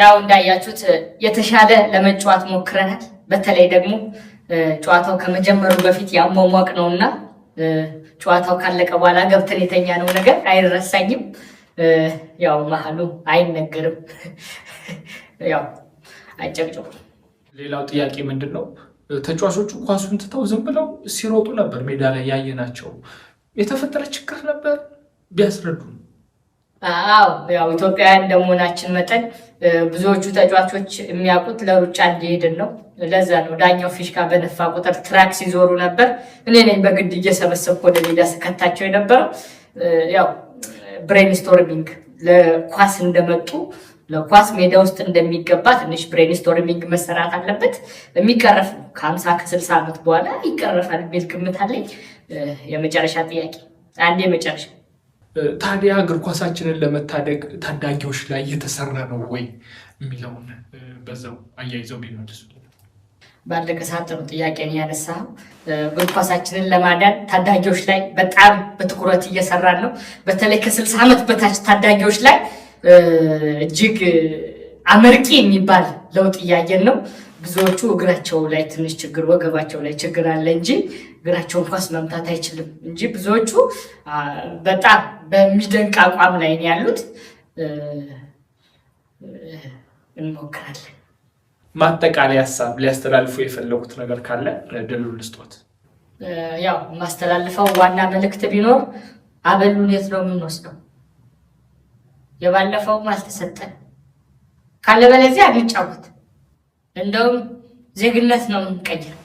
ያው እንዳያችሁት የተሻለ ለመጫወት ሞክረናል። በተለይ ደግሞ ጨዋታው ከመጀመሩ በፊት ያሟሟቅ ነው እና ጨዋታው ካለቀ በኋላ ገብተን የተኛ ነው ነገር አይረሳኝም። ያው መሀሉ አይነገርም። ያው ሌላው ጥያቄ ምንድን ነው፣ ተጫዋቾቹ ኳሱን ትተው ዝም ብለው ሲሮጡ ነበር ሜዳ ላይ ያየናቸው። የተፈጠረ ችግር ነበር ቢያስረዱን አዎ ያው ኢትዮጵያውያን እንደመሆናችን መጠን ብዙዎቹ ተጫዋቾች የሚያውቁት ለሩጫ እንዲሄድን ነው። ለዛ ነው ዳኛው ፊሽካ በነፋ ቁጥር ትራክ ሲዞሩ ነበር። እኔ ነኝ በግድ እየሰበሰብኩ ወደ ሜዳ ስከታቸው የነበረው። ያው ብሬንስቶርሚንግ ለኳስ እንደመጡ ለኳስ ሜዳ ውስጥ እንደሚገባ ትንሽ ብሬንስቶርሚንግ መሰራት አለበት። የሚቀረፍ ነው ከሀምሳ ከስልሳ ዓመት በኋላ ይቀረፋል የሚል ግምት አለኝ። የመጨረሻ ጥያቄ አንድ የመጨረሻ ታዲያ እግር ኳሳችንን ለመታደግ ታዳጊዎች ላይ እየተሰራ ነው ወይ የሚለውን በዛው አያይዘው ቢመልሱ። ባለቀ ሰዓት ጥሩ ጥያቄን ነው እግር ኳሳችንን ለማዳን ታዳጊዎች ላይ በጣም በትኩረት እየሰራ ነው። በተለይ ከስልሳ ዓመት በታች ታዳጊዎች ላይ እጅግ አመርቂ የሚባል ለውጥ እያየን ነው። ብዙዎቹ እግራቸው ላይ ትንሽ ችግር ወገባቸው ላይ ችግር አለ እንጂ እግራቸውን ኳስ መምታት አይችልም እንጂ ብዙዎቹ በጣም በሚደንቅ አቋም ላይ ነው ያሉት። እንሞክራለን። ማጠቃለያ ሀሳብ ሊያስተላልፉ የፈለጉት ነገር ካለ ድሉን ልስጦት። ያው የማስተላልፈው ዋና መልእክት ቢኖር አበሉን የት ነው የምንወስደው? የባለፈውም አልተሰጠን ካለ በለዚያ አንጫወት እንደውም ዜግነት ነው የምንቀይረው።